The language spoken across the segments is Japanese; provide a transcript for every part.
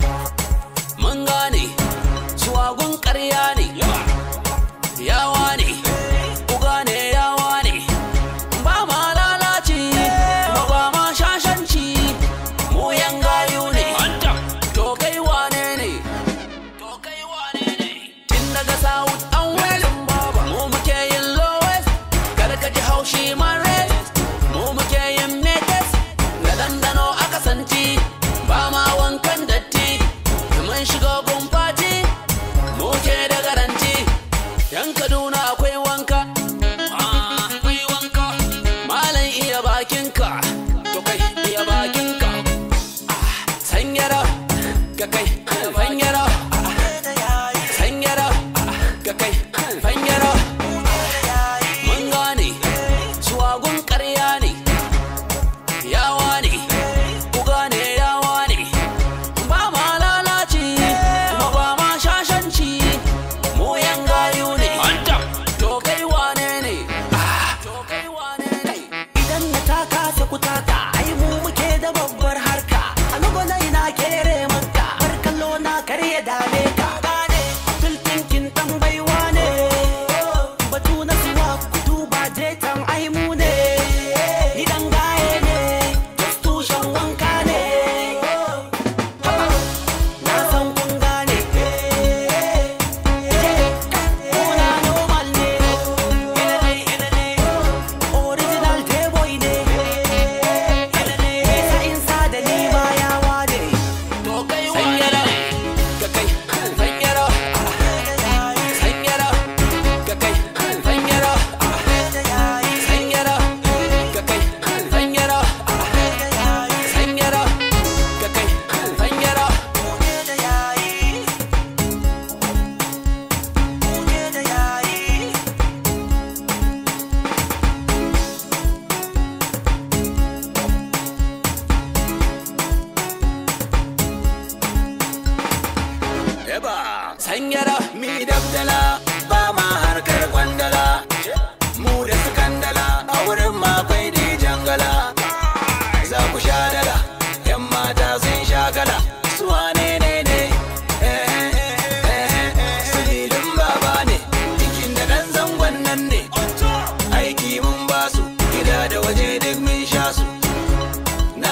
Yeah. Bring it up. Gakai, bring it up.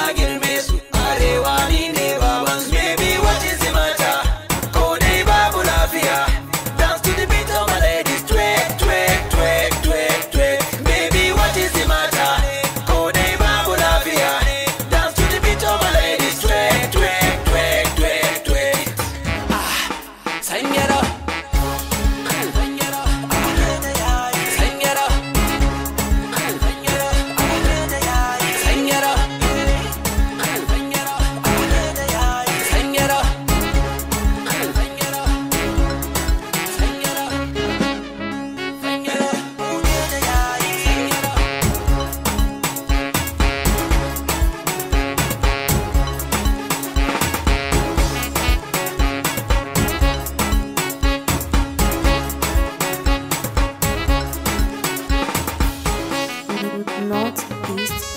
I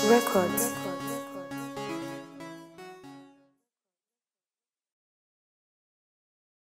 Records.